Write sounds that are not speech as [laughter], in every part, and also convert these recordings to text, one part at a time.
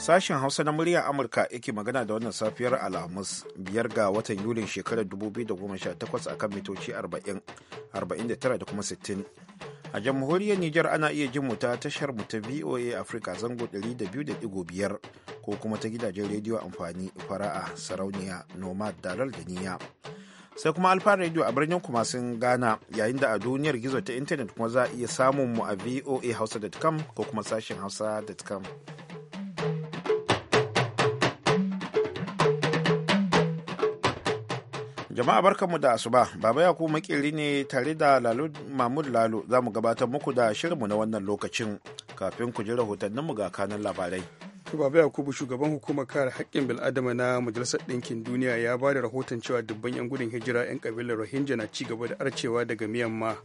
Sashen Hausa na murya Amurka yake magana da wannan safiyar Alhamis biyar ga watan Yulin shekarar 2018 akan mitoci arba'in. 49 da kuma 60. A jamhuriyar Nijar ana iya jin mu ta tashar mu ta VOA Africa zango 200.5 ko kuma ta gidajen rediyo amfani fara'a sarauniya nomad dalal da niya. Sai kuma alfa rediyo a birnin kuma sun gana yayin da a duniyar gizo ta intanet kuma za a iya samun mu a voa voahausa.com ko kuma sashen hausa.com. Jama'a barkanmu da asuba, Baba Yakubu makeri ne tare da Lalu Mahmud Lalo za mu gabatar muku da shirinmu na wannan lokacin kafin ku ji rahotanninmu ga kanan labarai. Baba Yakubu shugaban hukumar kare haƙƙin bil'adama na Majalisar Ɗinkin Duniya ya ba da rahoton cewa dubban 'yan gudun hijira 'yan kabilar Rohingya na ci gaba da arcewa daga miyamma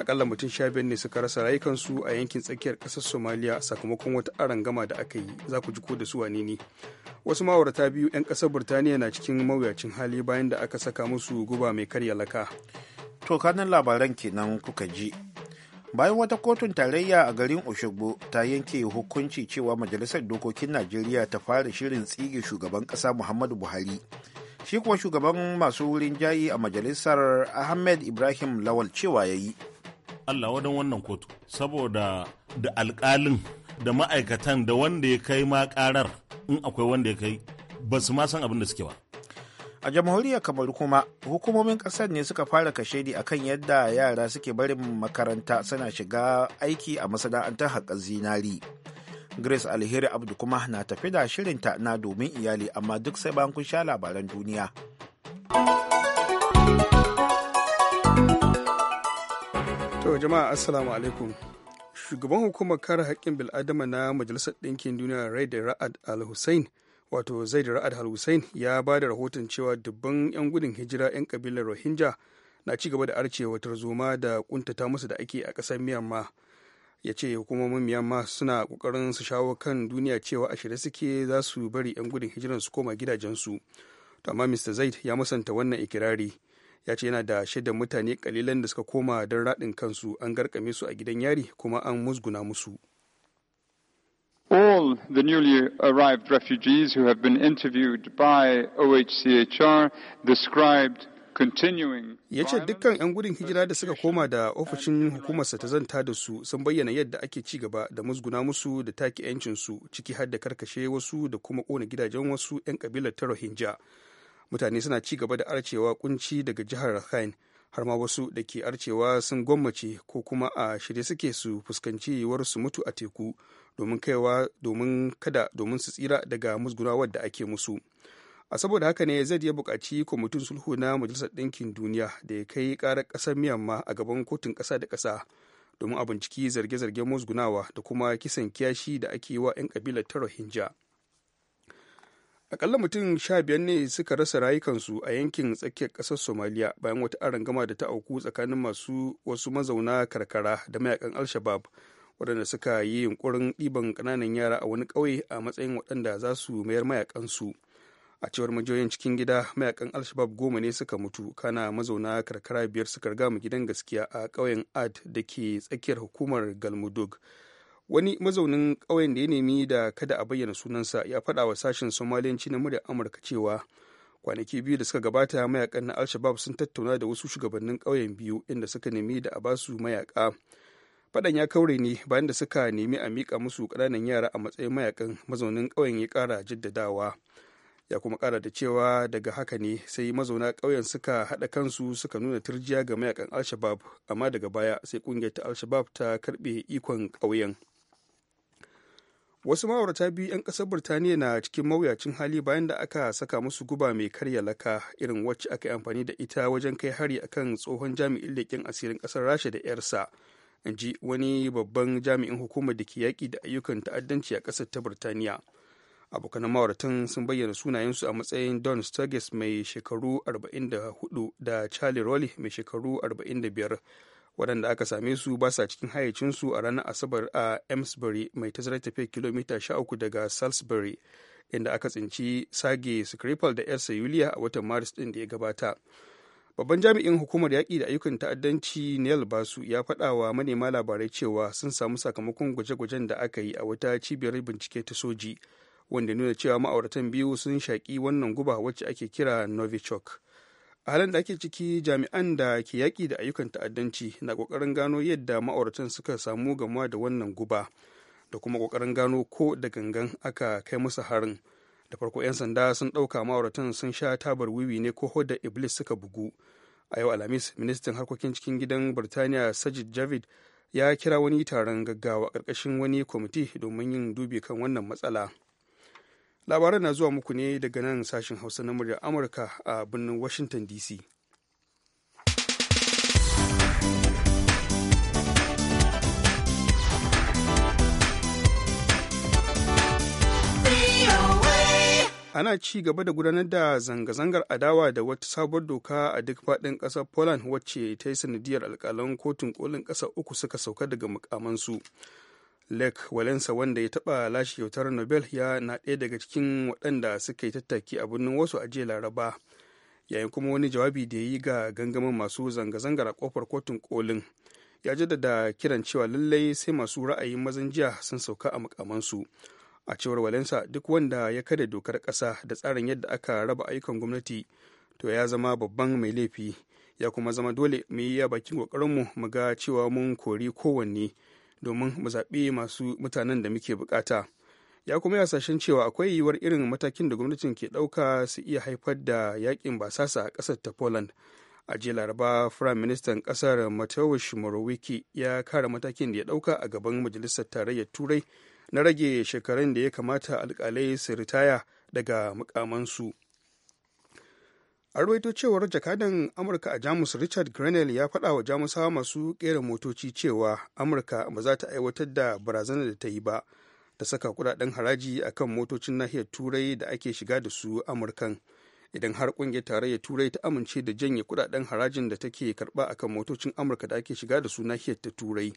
Akalla mutum sha biyar ne suka rasa rayukansu a yankin tsakiyar ƙasar somaliya sakamakon wata arangama da aka yi za ku ji ko da su wane ne. wasu ma'aurata biyu 'yan ƙasar burtaniya na cikin mawuyacin hali bayan da aka saka musu guba mai karya laka to kanan labaran kenan kuka ji bayan wata kotun tarayya a garin oshogbo ta yanke hukunci cewa majalisar dokokin najeriya ta fara shirin tsige shugaban ƙasa muhammadu buhari shi kuma shugaban masu wurin jayi a majalisar ahmed ibrahim lawal cewa ya yi Allah wadan wannan kotu saboda da alkalin da ma'aikatan da wanda ya kai ma karar in akwai wanda ya kai ba su ma san abin da suke ba a jamhuriyar kamar kuma hukumomin kasar ne suka fara kashe kashedi akan yadda yara suke barin makaranta suna shiga aiki a masana'antar haƙar zinari grace alheri abdu kuma na tafi da shirinta na domin iyali amma duk sai bayan kun sha labaran duniya. jama'a assalamu alaikum shugaban hukumar kare haƙƙin bil'adama na majalisar ɗinkin duniya rai da ra'ad al-hussein wato da ra'ad al-hussein ya ba da rahoton cewa dubban 'yan gudun hijira 'yan kabilar rohingya na ci gaba da arcewa tarzoma da kuntata musu da ake a ƙasar myanmar ya ce hukumomin myanmar suna ƙoƙarin su shawo kan duniya cewa a shirye suke za su bari 'yan gudun hijiran su koma gidajensu to amma mr zaid ya musanta wannan ikirari ya ce yana da shaida mutane kalilan da suka koma don raɗin kansu an garkame su a gidan yari kuma an musguna musu All the newly arrived refugees who have been interviewed by OHCHR described ya ce dukkan 'yan gudun hijira da suka koma da ofishin hukumarsa ta zanta da su sun bayyana yadda ake ci gaba da musguna musu da take 'yancinsu ciki har da karkashe wasu da kuma kona gidajen wasu 'yan kabilar ta rohingya mutane suna ci gaba da arcewa kunci daga jihar rakhine har ma wasu da ke arcewa sun gwammace ko kuma a shirye suke su fuskanci yiwuwar su mutu a teku domin kaiwa domin kada domin su tsira daga musgunawar da ake musu a saboda haka ne zai ya buƙaci kwamitin sulhu na majalisar ɗinkin duniya da ya kai ƙarar ƙasar miyamma a gaban kotun ƙasa da ƙasa domin a binciki zarge-zargen musgunawa da kuma kisan kiyashi da ake yi wa 'yan ƙabilar ta rohingya akalla mutum sha biyar ne suka rasa rayukansu a yankin tsakiyar ƙasar somaliya bayan wata arangama da ta auku tsakanin masu wasu mazauna karkara da mayakan al-shabab waɗanda suka yi yunkurin ɗiban ƙananan yara a wani ƙauye a matsayin waɗanda za su mayar mayakansu a cewar majiyoyin cikin gida mayakan al-shabab goma ne suka mutu kana mazauna karkara biyar suka riga mu gidan gaskiya a ƙauyen ad da ke tsakiyar hukumar galmudug wani mazaunin ƙauyen da ya nemi da kada a bayyana sunansa ya faɗa wa sashen somaliyanci na muryar amurka cewa kwanaki biyu da suka gabata mayakan na alshabab sun tattauna da wasu shugabannin ƙauyen biyu inda suka nemi da a basu mayaka faɗan ya kaure ne bayan da suka nemi a miƙa musu ƙananan yara a matsayin mayakan mazaunin ƙauyen ya ƙara jaddadawa ya kuma ƙara da cewa daga haka ne sai mazauna ƙauyen suka haɗa kansu suka nuna turjiya ga mayakan alshabab amma daga baya sai ƙungiyar ta alshabab ta karɓe ikon ƙauyen. wasu ma'aurata biyu 'yan kasar birtaniya na cikin mawuyacin hali bayan da aka saka musu guba mai karya laka irin wacce aka yi amfani da ita wajen kai hari akan tsohon jami'in leƙen asirin ƙasar rasha da 'yarsa in ji wani babban jami'in hukumar da ke yaƙi da ayyukan ta'addanci a ƙasar ta birtaniya abokanan ma'auratan sun bayyana sunayensu a matsayin don sturgis mai shekaru 44 da charlie rowley mai shekaru 45 waɗanda aka same su ba sa cikin hayyacinsu a ranar asabar a amesbury mai tazarar tafe kilomita 13 daga salisbury inda aka tsinci sage skripal da yarsa yuliya a watan maris ɗin da ya gabata babban jami'in hukumar yaƙi da ayyukan ta'addanci neil basu ya faɗa wa manema labarai cewa sun samu sakamakon gwaje-gwajen da aka yi a wata cibiyar bincike ta soji wanda nuna cewa ma'auratan biyu sun shaƙi wannan guba wacce ake kira novichok a halin da ake ciki jami'an da ke yaƙi da ayyukan ta'addanci na ƙoƙarin gano yadda ma'auratan suka samu gamuwa da wannan guba da kuma ƙoƙarin gano ko da gangan aka kai musu harin da farko 'yan sanda sun ɗauka ma'auratan sun sha tabar wiwi ne ko da iblis suka bugu a yau alhamis ministan harkokin cikin gidan birtaniya sajid javid ya kira wani taron gaggawa ƙarƙashin wani kwamiti domin yin dubi kan wannan matsala labaran na zuwa muku ne daga nan sashen hausa na muryar amurka a birnin washington dc ana ci gaba da gudanar da zanga-zangar adawa da wata sabuwar doka a duk faɗin ƙasar poland wacce ta yi sanadiyar alƙalan kotun kolin ƙasa uku suka sauka daga mukamansu lake walensa wanda ya taɓa lashe kyautar nobel ya na ɗaya daga cikin waɗanda suka yi tattaki a birnin wasu a jiya laraba yayin kuma wani jawabi da ya yi ga gangamin masu zanga-zangar a kofar kotun kolin ya jaddada kiran cewa lallai sai masu ra'ayin mazan jiya sun sauka a mukamansu a cewar walensa duk wanda ya kada dokar ƙasa da tsarin yadda aka raba ayyukan gwamnati to ya zama babban mai laifi ya kuma zama dole mu yi ya bakin ƙoƙarinmu mu ga cewa mun kori kowanne domin mu zaɓi masu mutanen da muke bukata ya kuma hasashen cewa akwai yiwuwar irin matakin da gwamnatin ke ɗauka su iya haifar da yakin basasa a ƙasar ta poland a jiya laraba firayim ministan ƙasar mateusz morawiki ya kara matakin da ya ɗauka a gaban majalisar tarayyar turai na rage shekarun da ya kamata alƙalai su ritaya daga mukamansu a ruwaito cewar jakadan amurka a jamus richard grenell ya faɗa wa jamusawa masu ƙera motoci cewa amurka ba za ta aiwatar da barazanar da ta yi ba ta saka kudaden haraji akan motocin nahiyar turai da ake shiga da su amurkan idan har kungiyar tarayyar turai ta amince da janye kudaden harajin da take karba akan motocin amurka da ake shiga da su nahiyar ta turai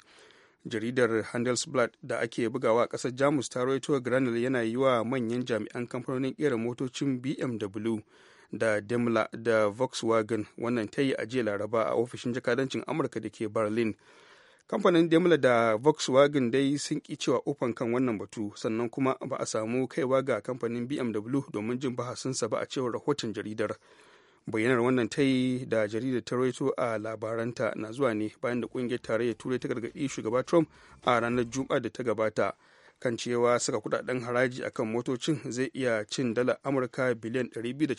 jaridar handelsblad da ake bugawa a kasar jamus ta ruwaito granul yana yi wa manyan jami'an kamfanonin kera motocin bmw da Daimler da Volkswagen wannan ta yi a jiya Laraba a ofishin jakadancin Amurka da ke Berlin. Kamfanin Daimler da Volkswagen dai sun ki cewa ofan kan wannan batu sannan kuma ba a samu kaiwa ga kamfanin BMW domin jin bahasinsa ba a cewar rahoton jaridar. bayyanar wannan ta yi da jaridar ta roito a labaranta na zuwa ne bayan da kungiyar tarayyar turai ta gargaɗi shugaba trump a ranar juma'a da ta gabata kan cewa saka kudaden haraji akan motocin zai iya cin dala amurka biliyan 294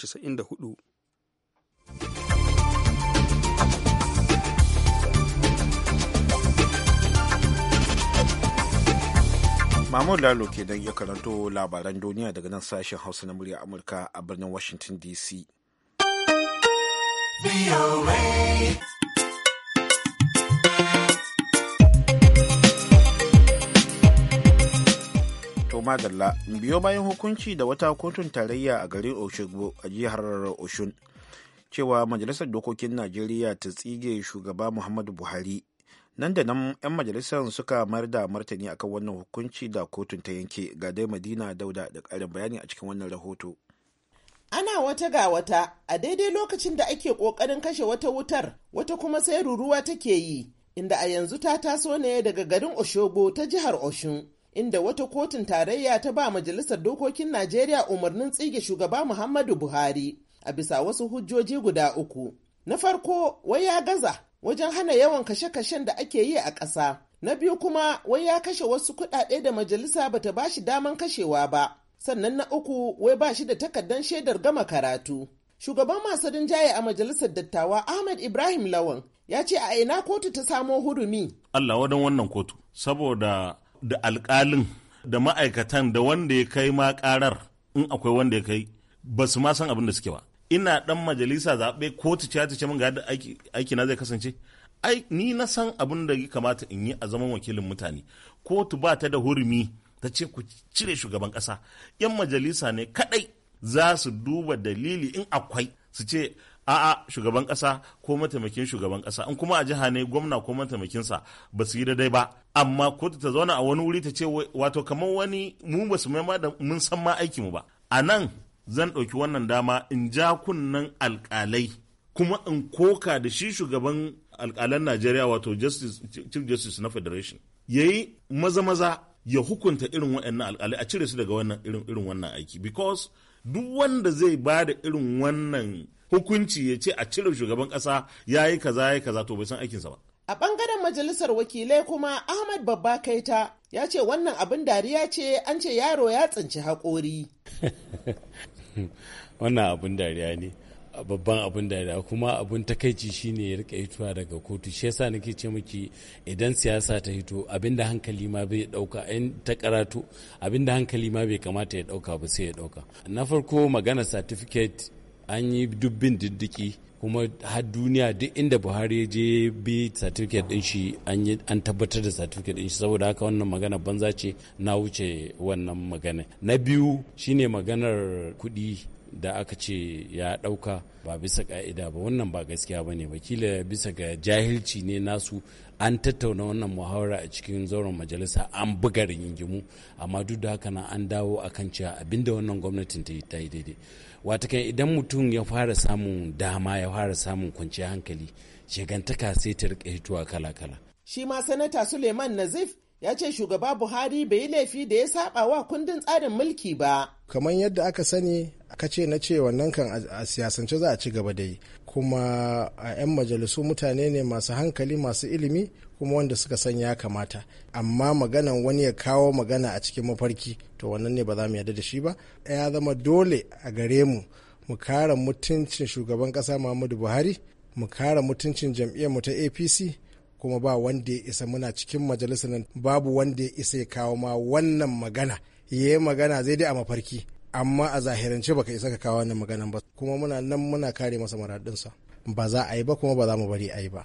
Mahmud Lalo ke dan ya karanto labaran duniya daga nan sashen Hausa na murya Amurka a birnin Washington DC. to madalla biyo bayan hukunci da wata kotun tarayya a garin oshogbo a jihar oshun cewa majalisar dokokin najeriya ta tsige shugaba muhammadu buhari nan da nan 'yan majalisar suka mayar da martani akan wannan hukunci da kotun ta yanke ga dai madina dauda da karin bayani a cikin wannan rahoto ana wata ga wata a daidai lokacin da ake kokarin kashe wata wutar wata kuma sai ruruwa take yi inda a yanzu ta taso ne daga garin Oshogbo ta jihar Oshun inda wata kotun tarayya ta ba majalisar dokokin Najeriya umarnin tsige shugaba Muhammadu Buhari a bisa wasu hujjoji guda uku. Na farko wai ya gaza wajen hana yawan kashe-kashen da ake yi a ƙasa. Na biyu kuma wai ya kashe wasu kuɗaɗe da majalisa bata ba shi daman kashewa ba. Sannan na uku wai ba shi da takardar shaidar gama karatu. Shugaban masu rinjaye a majalisar dattawa Ahmed Ibrahim Lawan ya ce a ina kotu ta samo hurumi. Allah wadan wannan kotu saboda da alkalin da ma'aikatan da wanda ya kai ma karar in akwai wanda ya kai ba su ma san abin da suke ba ina ɗan majalisa zaɓe ko ta ce min ga da aiki na zai kasance ai ni na san abin da ya kamata in yi a zaman wakilin mutane kotu ba ta da hurumi ta ce ku cire shugaban ƙasa yan majalisa ne kadai za su duba dalili in akwai su ce a'a shugaban kasa ko mataimakin shugaban kasa in kuma a jiha ne gwamna ko mataimakinsa ba su yi daidai ba amma kotu ta zauna a wani wuri ta ce wato kamar wani mu ba su maima da mun san ma aiki mu ba a nan zan ɗauki wannan dama in ja kunnen alƙalai kuma in koka da shi shugaban alƙalan najeriya wato chief justice na federation ya yi maza-maza ya hukunta irin wa'annan alƙalai a cire su daga wannan irin wannan aiki because duk wanda zai ba da irin wannan hukunci ya ce a cire shugaban kasa ya yi kaza ya yi kaza to bai san aikinsa ba. A ɓangaren majalisar wakilai kuma Ahmad Babba Kaita ya ce wannan abin dariya ce an ce yaro ya tsinci haƙori. [laughs] wannan abin dariya ne babban abin dariya kuma abin takaici shine ya rika hituwa daga kotu shi yasa nake ce miki idan siyasa ta hito abin da hankali ma bai dauka in ta karatu abin da hankali ma bai kamata ya dauka ba sai ya dauka na farko magana certificate an yi dubbin diddiki kuma har duniya duk inda buhari ya je bi satifiket din shi an tabbatar da certificate din shi saboda haka wannan magana banza ce na wuce wannan magana na biyu shine maganar kuɗi da aka ce ya ɗauka ba bisa ka'ida ba wannan ba gaskiya ba ne wakila bisa ga jahilci ne nasu an tattauna wannan muhawara a cikin zauren majalisa an buga rigingimu amma duk da haka na an dawo akan cewa abinda wannan gwamnatin ta yi ta yi daidai watakan idan mutum ya fara samun dama ya fara samun kwanciyar hankali shigantaka sai ta rike hituwa kala-kala shi ma sanata suleiman nazif ya ce shugaba buhari bai yi laifi da ya saba wa kundin tsarin mulki ba kamar yadda aka sani aka ce na ce wannan kan a siyasance za a ci gaba da yi kuma a 'yan majalisu mutane ne masu hankali masu ilimi kuma wanda suka san ya kamata amma maganan wani ya kawo magana a cikin mafarki to wannan ne ba za mu yarda da shi ba ya zama dole a gare mu mu kara mutuncin shugaban kasa muhammadu buhari mu kare mutuncin jam'iyyar mu ta apc kuma ba wanda ya isa muna cikin majalisar nan babu wanda ya isa ya kawo ma wannan magana ya magana zai dai a mafarki amma a zahirance baka isa ka kawo wannan maganan ba kuma muna nan muna kare masa muradinsa ba za a yi ba kuma ba za mu bari a yi ba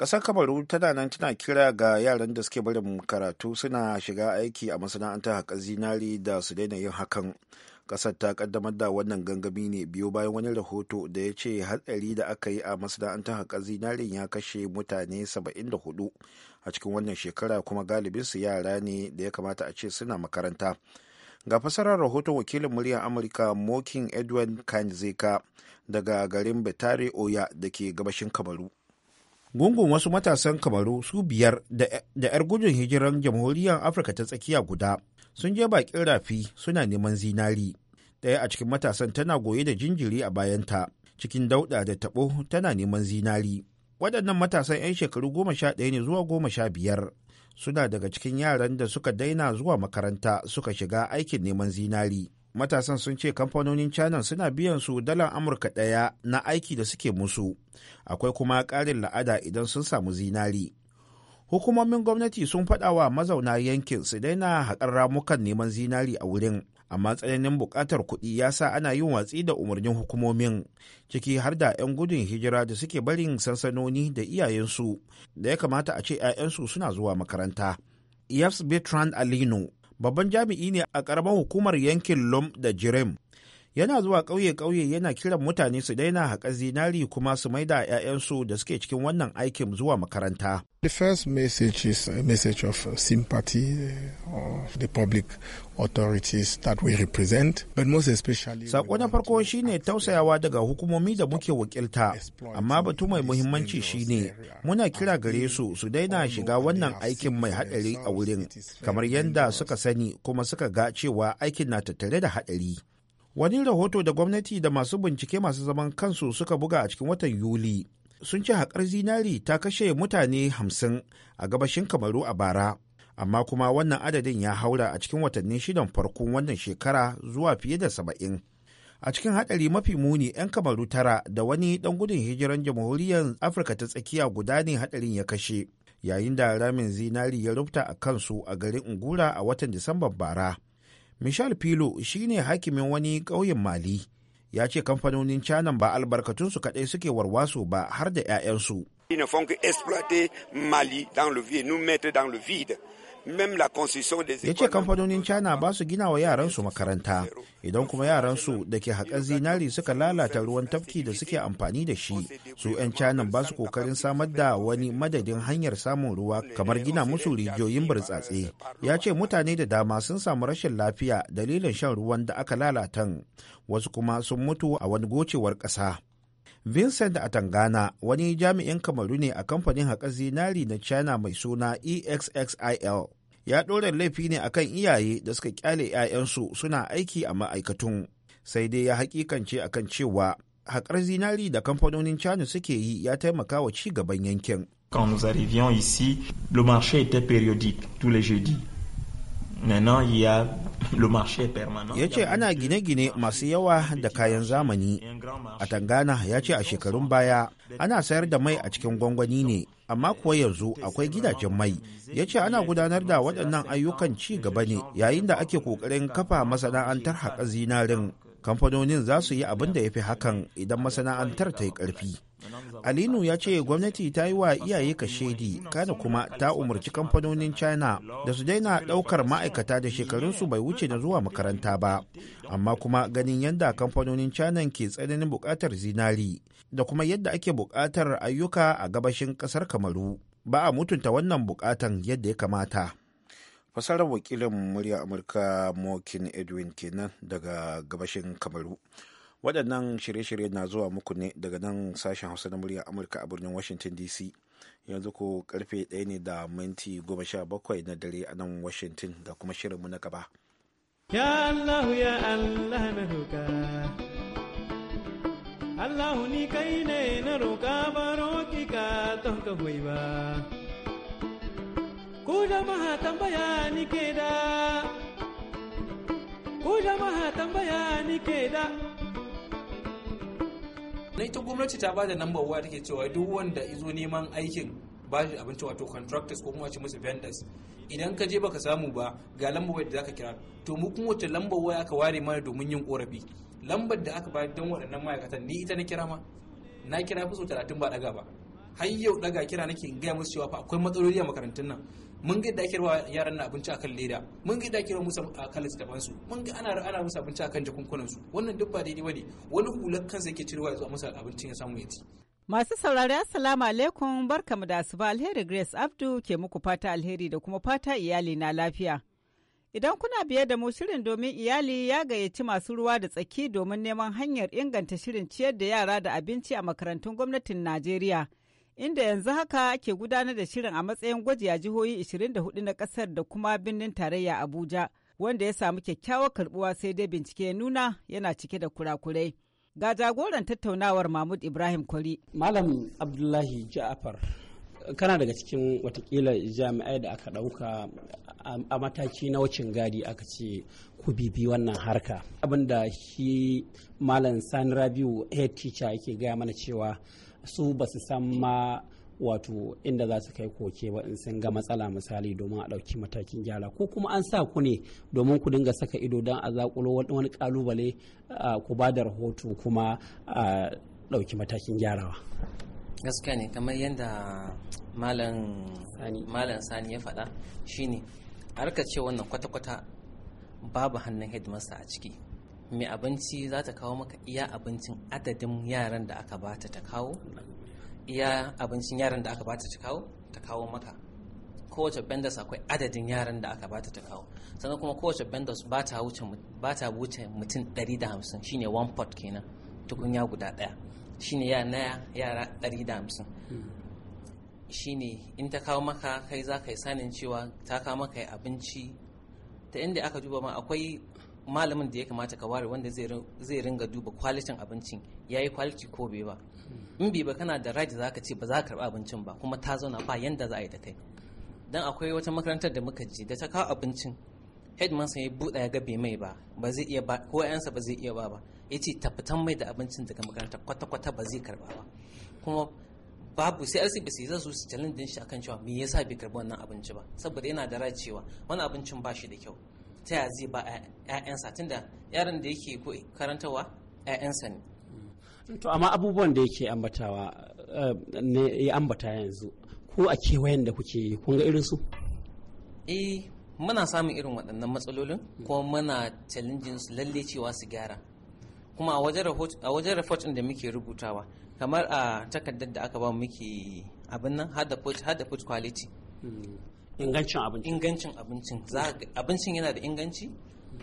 ƙasar kamaru tana nan tana kira ga yaran da suke barin karatu suna shiga aiki a masana'antar haƙar zinari da su daina yin hakan ƙasar ta ƙaddamar da wannan gangami ne biyo bayan wani rahoto da ya ce hatsari da aka yi a masana'antar haƙar zinarin ya kashe mutane 74 a cikin wannan shekara kuma galibin su yara ne da ya kamata a ce suna makaranta ga fasarar rahoton wakilin muryar amurka mokin edwin kanzeka daga garin betare oya da ke gabashin kamaru gungun wasu matasan kamaru su biyar da 'yar gudun hijiran jamhuriyar afirka ta tsakiya guda sun je bakin rafi suna neman zinari ɗaya a cikin matasan tana goye da jinjiri a bayanta cikin dauɗa da taɓo tana neman zinari waɗannan matasan 'yan shekaru goma sha ɗaya ne zuwa goma sha biyar suna daga cikin yaran da suka daina zuwa makaranta suka shiga aikin neman zinari matasan sun ce kamfanonin china suna biyan su dalar amurka ɗaya na aiki da suke musu akwai kuma ƙarin la'ada idan sun samu zinari hukumomin gwamnati sun faɗa wa mazauna yankin su daina haƙar ramukan neman zinari a wurin amma tsananin buƙatar kuɗi ya sa ana yin watsi da umarnin hukumomin ciki har da 'yan gudun hijira da suke barin sansanoni da iyayensu da ya kamata a ce 'ya'yansu suna zuwa makaranta. Yafs Bertrand Alino babban jami'i ne a ƙaramar hukumar yankin lom da jirem yana zuwa ƙauye-ƙauye yana kiran mutane su daina haƙar zinari kuma su maida 'ya'yansu da suke cikin wannan aikin zuwa makaranta. The first message is a message of sympathy uh, of the public authorities that we represent, but most especially... Sako na farko shine tausayawa daga hukumomi da muke wakilta, amma batu mai muhimmanci shine muna kira gare su su daina shiga wannan aikin mai haɗari a wurin, kamar yadda suka sani kuma suka ga cewa aikin na tattare da haɗari. Wani rahoto da gwamnati da masu bincike masu zaman kansu suka buga a cikin watan Yuli sun ce haƙar zinari ta kashe mutane hamsin a gabashin Kamaru a bara, amma kuma wannan adadin ya haura a cikin watanni shidan farkon wannan shekara zuwa fiye da saba'in. A cikin haɗari mafi muni 'yan Kamaru tara da wani ɗan gudun hijiran jamhuriyar Afirka ta tsakiya guda ne haɗarin ya kashe, yayin da ramin zinari ya rubuta a kansu a garin Ungura a watan Disamban bara. michel filo shine hakimin wani ƙauyen mali ya ce kamfanonin canan ba albarkatunsu kaɗai suke warwaso ba har da 'ya'yansu. Ils ne Mali dans le ya ce kamfanonin china ba su gina wa yaransu makaranta idan kuma yaransu da ke haƙar zinari suka lalata ruwan tafki da suke amfani da shi su 'yan china ba su kokarin samar da wani madadin hanyar samun ruwa kamar gina musu rijiyoyin burtsatse ya ce mutane da dama sun samu rashin lafiya dalilin shan ruwan da aka lalata, wasu kuma sun mutu a wani gocewar ƙasa Vincent Atangana wani jami'in kamaru ne a kamfanin haƙar zinari na China mai suna EXXIL. Ya ɗora laifi ne akan iyaye da suka kyale 'ya'yansu suna aiki a ma'aikatun. Sai dai ya hakikance akan cewa haƙar zinari da kamfanonin China suke yi ya taimaka wa ci gaban yankin. Quand nous arrivions ici, le marché était périodique tous les ya ce ana gine-gine masu yawa da kayan zamani a tangana ya ce a shekarun baya ana sayar da mai a cikin gwangwani ne amma kuwa yanzu akwai gidajen mai ya ce ana gudanar da waɗannan ayyukan ci gaba ne yayin da ake ƙoƙarin kafa masana'antar haƙa zinarin kamfanonin za su yi abin da ya fi hakan idan masana'antar ta yi ƙarfi Alinu ya ce gwamnati ta yi wa iyaye kashedi kada kuma ta umarci kamfanonin China da su daina daukar ma'aikata da shekarunsu bai wuce na zuwa makaranta ba, amma kuma ganin yadda kamfanonin China ke tsananin buƙatar zinari da kuma yadda ake buƙatar ayyuka a gabashin kasar Kamaru ba a mutunta wannan buƙatan yadda ya kamata. Fasarar wakilin murya Amurka Mokin Edwin kenan daga gabashin Kamaru. waɗannan shirye-shirye na zuwa muku ne daga nan sashen hausa na murya amurka a birnin washington dc yanzu ko karfe ɗaya ne da minti goma sha bakwai na dare a nan washington da kuma shirinmu na gaba ya allah ya allah na roka allah ni kai ne na roka baro ki ka ton ka hoyi ba ku jama'a tambaya ni ke da ku jama'a tambaya ni ke da na ita gwamnati ta bada number waya take cewa duk wanda izo neman aikin ba shi abinci wato contractors ko kuma ce musu vendors idan ka je baka samu ba ga lambar waya da zaka kira to mu kuma wata lambar waya aka ware mana domin yin korafi lambar da aka bayar don waɗannan ma'aikatan ni ita na kira ma na kira fi so talatin ba ɗaga ba har yau ɗaga kira nake in gaya musu cewa fa akwai matsaloli a makarantun nan mun ga yadda ake rawa yaran na abinci akan leda mun ga yadda ake rawa musu akan littafan su mun ga ana ana musu abinci akan jakunkunan su wannan duk ba daidai bane wani hular kansa yake cirewa ya zo musu abincin ya samu ya ci Masu saurari Assalamu alaikum barkamu da asuba alheri Grace Abdu ke muku fata alheri da kuma fata iyali na lafiya. Idan kuna biye da mu shirin domin iyali ya gayyaci masu ruwa da tsaki domin neman hanyar inganta shirin ciyar da yara da abinci a makarantun gwamnatin Najeriya inda yanzu haka ke gudanar da shirin a matsayin gwaji a jihohi 24 na kasar da kuma birnin tarayya Abuja, wanda ya samu kyakkyawar karbuwa sai dai bincike ya nuna yana cike da kurakurai. Ga jagoran tattaunawar Mahmud Ibrahim Kwari. Malam Abdullahi Ja'afar, kana daga cikin watakila jami'ai da aka ɗauka a mataki na wucin gadi aka ce ku bibi wannan harka. Abin da shi Malam Sani Rabiu head teacher yake gaya mana cewa su ba su san ma wato inda za su kai koke ba in sun ga matsala misali domin a ɗauki matakin gyara ko kuma an sa ku ne domin ku dinga saka ido don a zaƙulo wani kalubale ku ba da rahoto kuma a ɗauki matakin gyarawa gaskiya ne kamar yadda malam sani ya faɗa shine harkar ce wannan kwata-kwata babu hannun headmaster a ciki mai abinci za ta kawo maka iya abincin adadin yaran da aka bata ta kawo iya abincin yaran da aka bata ta kawo ta kawo maka kowace bendas akwai adadin yaran da aka bata ta kawo sannan kuma kowace bendas ba ta wuce mutum 150 shine one pot kenan tukunya guda daya shine ya naya yara 150 shine in ta kawo maka kai za ka yi sanin cewa ta kawo maka abinci ta inda aka duba ma akwai malamin da ya kamata ka ware wanda zai ringa duba kwalitin abincin ya yi kwaliti ko bai ba in bai ba kana da raji za ka ce ba za ka karɓi abincin ba kuma ta zauna ba yanda za a yi da kai dan akwai wata makarantar da muka je da ta kawo abincin headmaster ya buɗa ya ga bai mai ba ba zai iya ba ko ƴansa ba zai iya ba ba ya ce tafitan mai da abincin daga makaranta kwata-kwata ba zai karɓa ba kuma babu sai asibiti zai zo su challenge din shi akan cewa me yasa bai karɓi wannan abinci ba saboda yana da ra cewa wani abincin ba shi da kyau ta ya zai ba 'ya'yansa tunda yaron da yake karantawa 'ya'yansa ne mm. to amma abubuwan da yake ambatawa eh, ne ya ambata yanzu ko a kewayen da kuke kun ga irin su eh muna samun irin waɗannan matsalolin ko muna challenging su lalle cewa su gyara kuma a wajen report da muke rubutawa kamar a takardar da aka ba muke abin nan hada food quality mm. ingancin abincin ingancin abincin abincin yana da inganci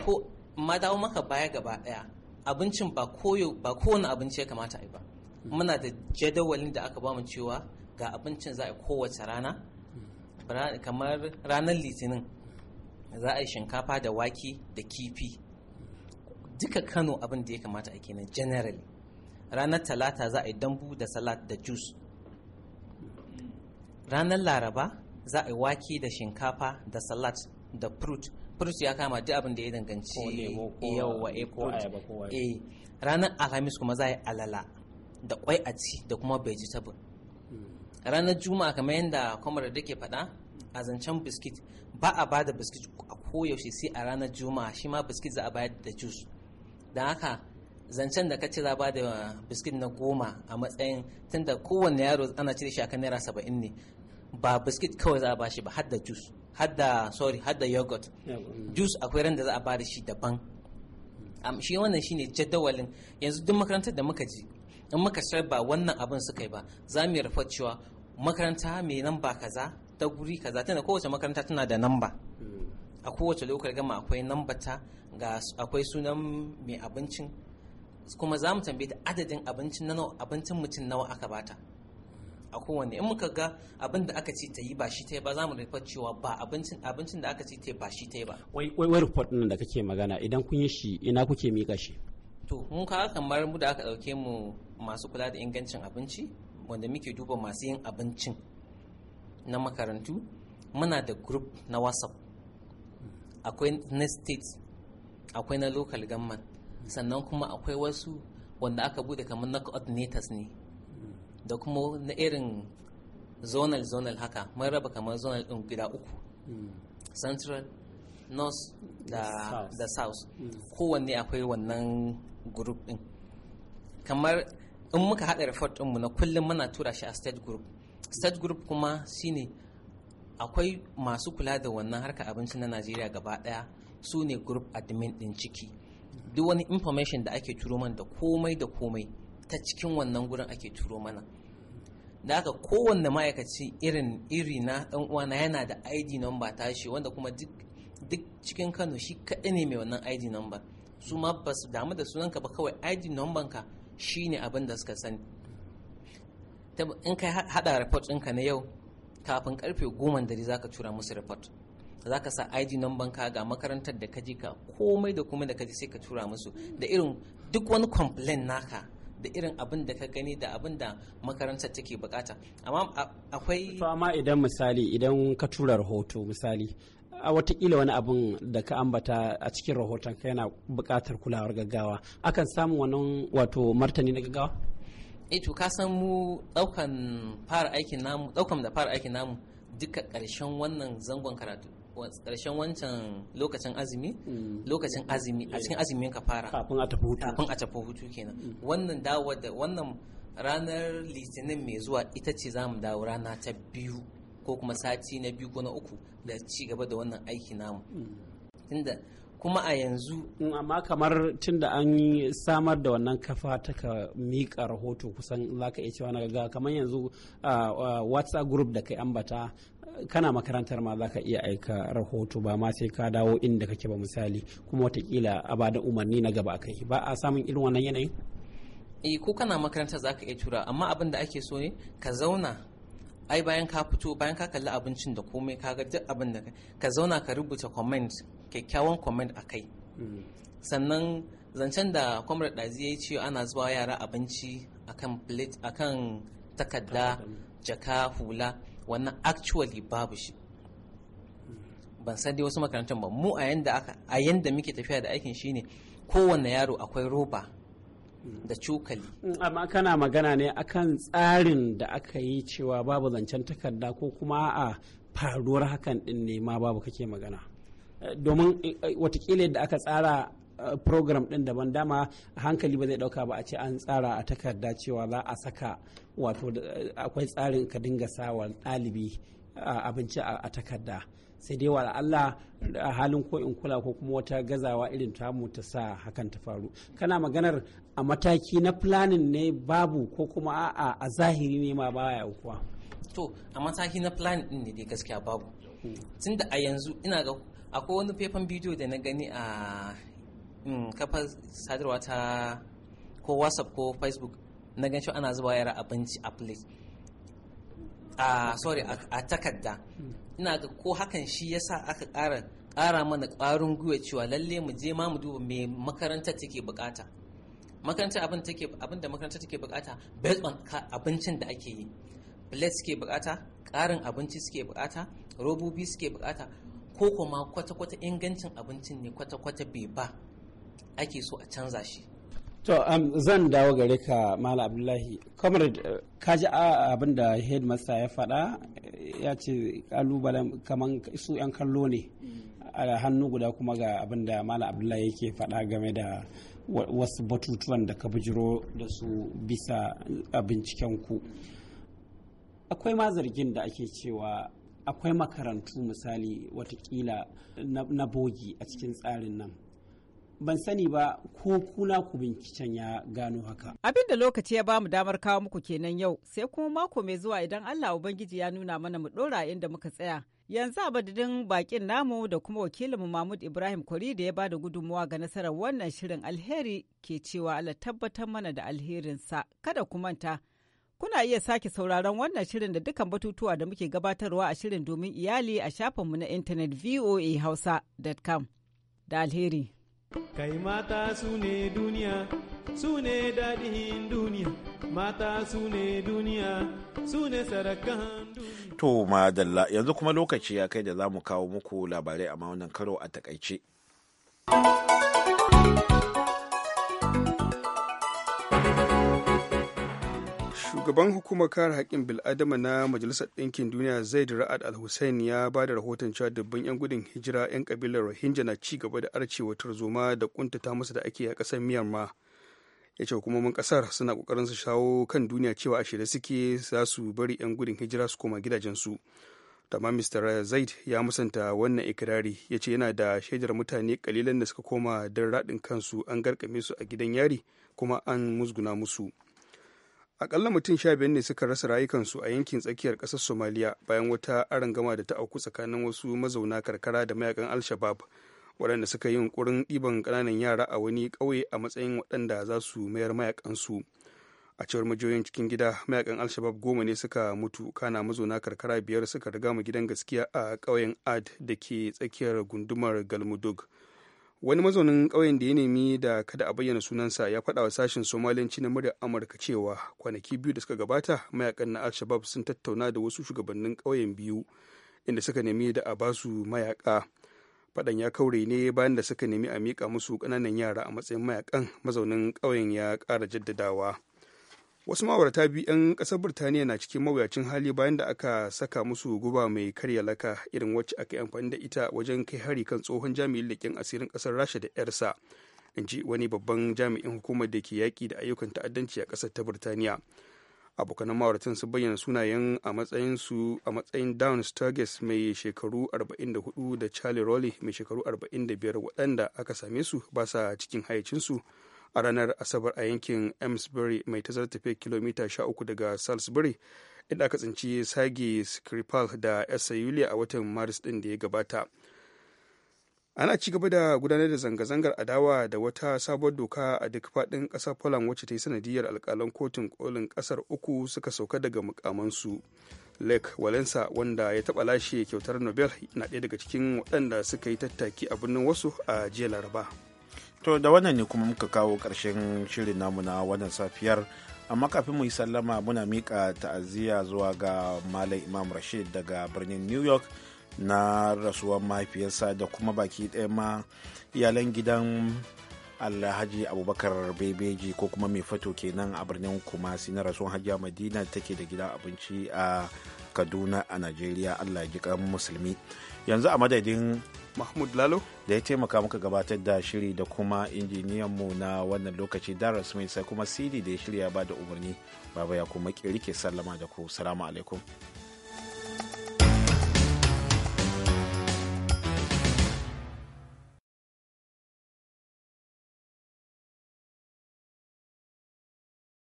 ko ma dawo maka baya gaba daya abincin ba koyo ba kowane abinci ya kamata a yi ba muna da jadawalin da aka bamu cewa ga abincin za a yi kowace rana kamar ranar litinin za a yi shinkafa da wake da kifi duka kano abin da ya kamata a kenan generally ranar talata za a yi dambu da salat da juice ranar laraba za a yi wake da shinkafa da salad da fruit fruit ya kama duk abin da ya danganci yawa eh, a eh ranar alhamis kuma za a yi alala da kwai a ci da kuma vegetable hmm. ranar juma'a kamar yadda kwamar da ke faɗa a zancen biskit ba a ba da biskit a koyaushe sai a ranar juma'a shi ma biskit za a bayar da juice don haka zancen da ka ce za ba da biskit na goma a matsayin tunda kowane yaro ana cire shi akan naira saba'in ne ba biskit kawai za a bashi ba hadda juice hadda sorry hadda yogurt juice akwai ran da za a bada shi daban shi wannan shine jadawalin yanzu duk makarantar da muka ji in muka ba wannan abin suka yi ba za mu rufa cewa makaranta mai namba kaza ta guri kaza tana kowace makaranta tana da namba hmm. a kowace lokacin gama akwai ta ga akwai sunan mai abincin kuma za mu tambaye ta adadin abincin nawa abincin mutum nawa aka bata a kowanne in muka ga abin da aka ce ta yi ba shi ta yi ba za mu rufar cewa ba abincin da aka ce ta yi ba shi ta yi ba wai wai report din da kake magana idan kun yi shi ina kuke mika shi to mun kawo kamar mu da aka dauke mu masu kula da ingancin abinci wanda muke duba masu yin abincin na makarantu muna da group na whatsapp akwai na state akwai na local government sannan kuma akwai wasu wanda aka bude kamar na coordinators ne da kuma na irin zonal zonal haka mun raba kamar zonal din gida uku hmm. central north da, da south hmm. kowanne akwai wannan group din kamar in muka haɗa report mu na kullum muna tura shi a state group state group kuma shine akwai masu kula da wannan harka abinci na najeriya gaba ɗaya su ne group admin ɗin ciki duk wani information da ake turo man da komai da komai ta cikin wannan gurin ake turo mana da haka kowanne ma'aikaci irin iri na dan uwana yana da id number tashi wanda kuma duk cikin kano shi kaɗai ne mai wannan id number su ma ba su damu da sunanka ba kawai id number ka shine abin da suka sani in kai hada report ka na yau kafin karfe goma dare za ka tura musu report za ka sa id number ka ga makarantar da ka je ka komai da kuma da ka je sai ka tura musu da irin duk wani complain naka da irin abin da ka gani da abin da makarantar take bukata amma akwai to amma idan misali idan ka tura rahoto misali a watakila wani abin da ka ambata a cikin rahoton ka yana bukatar kulawar gaggawa akan samu wannan wato martani na gaggawa eh to ka san mu daukan fara aikin namu daukan da fara aikin namu duka ƙarshen wannan zangon karatu karshen wancan lokacin azumi mm. lokacin azumi a cikin azumin ka fara kafin a tafi hutu kafin a tafi hutu kenan mm. wannan dawo da wannan ranar litinin mai zuwa ita ce za mu dawo rana ta biyu ko kuma sati na biyu ko na uku da ci gaba da wannan aiki namu mm. tunda kuma a yanzu amma kamar tun da an yi samar da wannan kafa ta ka miƙa rahoto kusan za ka iya cewa na gaga kamar yanzu ah, ah, whatsapp group da kai ambata kana makarantar ma zaka iya aika rahoto ba ma sai ka dawo inda kake ba misali kuma watakila a ba umarni na gaba kai ba a samun irin wannan yanayin eh ko kana makarantar ka iya tura amma abin da ake so ne ka zauna ai bayan ka fito bayan ka kalli abincin da komai ka ga duk abin da ka zauna ka rubuta comment kyakkyawan comment a kai hmm. sannan zancen da comrade dazi ya ce ana zuwa yara abinci akan plate akan takarda jaka hula wannan actually babu shi ban san dai wasu makarantar ba mu a yanda muke tafiya da aikin shine kowanne yaro akwai roba da cokali mm, amma kana magana ne akan tsarin da aka yi cewa babu zancen takarda ko kuma a faruwar hakan din ne ma babu kake magana eh, domin eh, eh, watakila da aka tsara Eh, program ɗin daban dama hankali ba zai ɗauka ba a ce an tsara a takarda cewa za a saka wato eh, akwai tsarin ka dinga sawa ɗalibi eh, abinci a takarda sai dai wa Allah a halin ko in kula ko kuma wata gazawa irin tamu ta sa hakan ta faru kana maganar a mataki na planning ne babu ko kuma a zahiri ne ma baya kuwa to a mataki na planning ne dai gaskiya babu tunda a yanzu ina ga akwai wani faifan bidiyo da na gani a Mm, kafar sadarwa ta ko whatsapp ko facebook na gan ana zuba yara abinci a plate a sorry a takarda mm. ina ga ko hakan shi yasa aka ƙara ƙara mana ƙwarin gwiwa cewa lalle mu je ma mu duba me makarantar take bukata makarantar abin take abin da makarantar take bukata based on abincin da ake yi plate suke bukata ƙarin abinci suke bukata robobi suke bukata ko kuma kwata-kwata ingancin abincin ne kwata-kwata bai ba ake so a canza shi to um, zan dawo gare ka mala abdullahi comrade ka ji ah, abin da headmaster ya faɗa ya ce kalubalen kaman su 'yan kallo ne a hannu guda kuma ga abin da mala abdullahi yake faɗa game da wasu batutuwan da ka bijiro da su bisa a bincikenku akwai ma zargin da ake cewa akwai makarantu misali watakila na bogi a cikin tsarin nan ban sani ba ko kuna ku binciken ya gano haka. Abin da lokaci ya bamu damar kawo muku kenan yau sai kuma mako mai zuwa idan Allah Ubangiji ya nuna mana mu ɗora inda muka tsaya. Yanzu a madadin bakin namu da kuma wakilinmu Mahmud Ibrahim Kwari da ya ba da gudunmuwa ga nasarar wannan shirin alheri ke cewa Allah tabbatar mana da alherinsa kada ku manta. Kuna iya sake sauraron wannan shirin da dukan batutuwa da muke gabatarwa a shirin domin iyali a shafinmu na intanet voahausa.com da alheri. Kai mata su ne duniya, su ne daɗin duniya, mata su ne duniya, su ne sarakan To madalla yanzu kuma lokaci ya kai da za mu kawo muku labarai a wannan karo a takaice. shugaban hukumar kare haƙƙin bil'adama na majalisar ɗinkin duniya zaid ra'ad al-hussein ya ba da rahoton cewa dubban 'yan gudun hijira 'yan kabilar rohingya na ci gaba da arcewa tarzoma da kuntata musu da ake a ƙasar myanmar ya ce hukumomin ƙasar suna ƙoƙarin su shawo kan duniya cewa a shirye suke za su bari 'yan gudun hijira su koma gidajensu amma mr zaid ya musanta wannan ikirari ya ce yana da shaidar mutane kalilan da suka koma don raɗin kansu an garkame su a gidan yari kuma an musguna musu akalla mutum sha biyar ne suka rasa rayukansu a yankin tsakiyar ƙasar somaliya bayan wata arangama da ta auku tsakanin wasu mazauna karkara da mayakan al-shabab waɗanda suka yi yunkurin ɗiban ƙananan yara a wani ƙauye a matsayin waɗanda za su mayar mayakansu a cewar majiyoyin cikin gida mayakan al-shabab goma ne suka mutu kana mazauna karkara biyar suka riga mu gidan gaskiya a ƙauyen ad da ke tsakiyar gundumar galmudug wani mazaunin ƙauyen da ya nemi da kada a bayyana sunansa ya faɗa wa sashen somaliyanci na muryar amurka cewa kwanaki biyu da suka gabata mayakan na al-shabab sun tattauna da wasu shugabannin ƙauyen biyu inda suka nemi da a basu mayaka faɗan ya kaure ne bayan da suka nemi a miƙa musu ƙananan yara a matsayin mayakan mazaunin ƙauyen ya ƙara jaddadawa wasu ma'aurata biyu 'yan kasar birtaniya na cikin mawuyacin hali bayan da aka saka musu guba mai karya laka irin wacce aka yi amfani da ita wajen kai hari kan tsohon jami'in leƙen asirin kasar rasha da 'yarsa in ji wani babban jami'in hukumar da ke yaƙi da ayyukan ta'addanci a kasar ta birtaniya abokanan ma'auratan sun bayyana sunayen a matsayin su a matsayin down sturgis mai shekaru 44 da charlie rowley mai shekaru 45 waɗanda aka same su ba sa cikin hayacinsu su a ranar asabar a yankin amesbury mai tazarar tafiya kilomita 13 daga salisbury inda aka tsinci sage skripal da sa yulia a watan maris din da ya gabata ana ci gaba da gudanar da zanga-zangar adawa da wata sabuwar doka a duk fadin kasar poland wacce ta yi sanadiyar alkalan kotun kolin kasar uku suka sauka daga mukamansu lake walensa wanda ya taɓa lashe kyautar nobel na ɗaya daga cikin waɗanda suka yi tattaki a birnin wasu a jiya laraba to da wannan ne kuma muka kawo ƙarshen shirin namu na wannan safiyar amma kafin mu yi sallama muna miƙa ta'aziyya zuwa ga malam imam rashid daga birnin new york na rasuwar mahaifiyarsa da kuma baki ɗaya ma iyalan gidan alhaji abubakar bebeji ko kuma mai fato kenan a birnin kumasi na rasuwar hajiya madina take da gidan abinci a kaduna a najeriya allah ji musulmi yanzu a madadin mahmud lalo da ya taimaka muka gabatar da shiri da kuma mu na wannan lokaci dara rasmi sai kuma cd da ya shirya ba da umarni baba ya kuma ke sallama da ku salamu alaikum